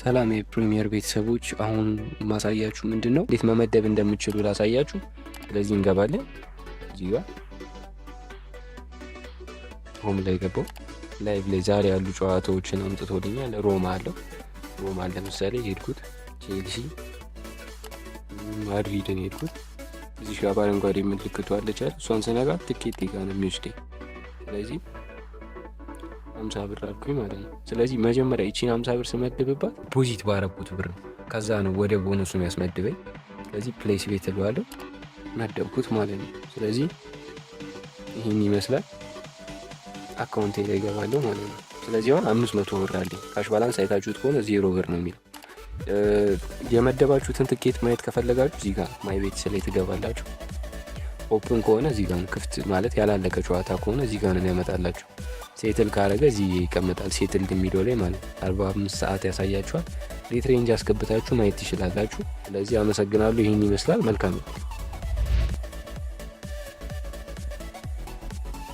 ሰላም የፕሪሚየር ቤተሰቦች፣ አሁን ማሳያችሁ ምንድን ነው እንዴት መመደብ እንደምችሉ ላሳያችሁ። ስለዚህ እንገባለን። እዚህ ጋር ሆም ላይ ገባው ላይቭ ላይ ዛሬ ያሉ ጨዋታዎችን አምጥቶልኛል። ሮማ አለው። ሮማ ለምሳሌ የሄድኩት ቼልሲ ማድሪድን የሄድኩት እዚህ ጋር በአረንጓዴ ምልክቱ አለቻል። እሷን ስነጋር ትኬቴ ጋ ነው የሚወስደኝ። ስለዚህ ሀምሳ ብር አልኩኝ ማለት ነው። ስለዚህ መጀመሪያ ይቺን ሀምሳ ብር ስመድብባት ፖዚት ባረኩት ብር ነው። ከዛ ነው ወደ ቦነሱ የሚያስመድበኝ። ስለዚህ ፕሌስ ቤት እለዋለሁ መደብኩት ማለት ነው። ስለዚህ ይህን ይመስላል። አካውንቴ ላይ ይገባለሁ ማለት ነው። ስለዚህ አሁን አምስት መቶ ብር አለ ካሽ ባላንስ አይታችሁት ከሆነ ዜሮ ብር ነው የሚለው። የመደባችሁትን ትኬት ማየት ከፈለጋችሁ እዚህ ጋር ማይ ቤት ስላይ ትገባላችሁ። ኦፕን ከሆነ እዚህ ጋር ክፍት ማለት ያላለቀ ጨዋታ ከሆነ እዚህ ጋር ነው ያመጣላቸው። ሴትል ካረገ እዚህ ይቀመጣል። ሴትል የሚለው ላይ ማለት 45 ሰዓት ያሳያችኋል። ሬት ሬንጅ አስገብታችሁ ማየት ትችላላችሁ። ስለዚህ አመሰግናለሁ። ይህን ይመስላል። መልካም ነው።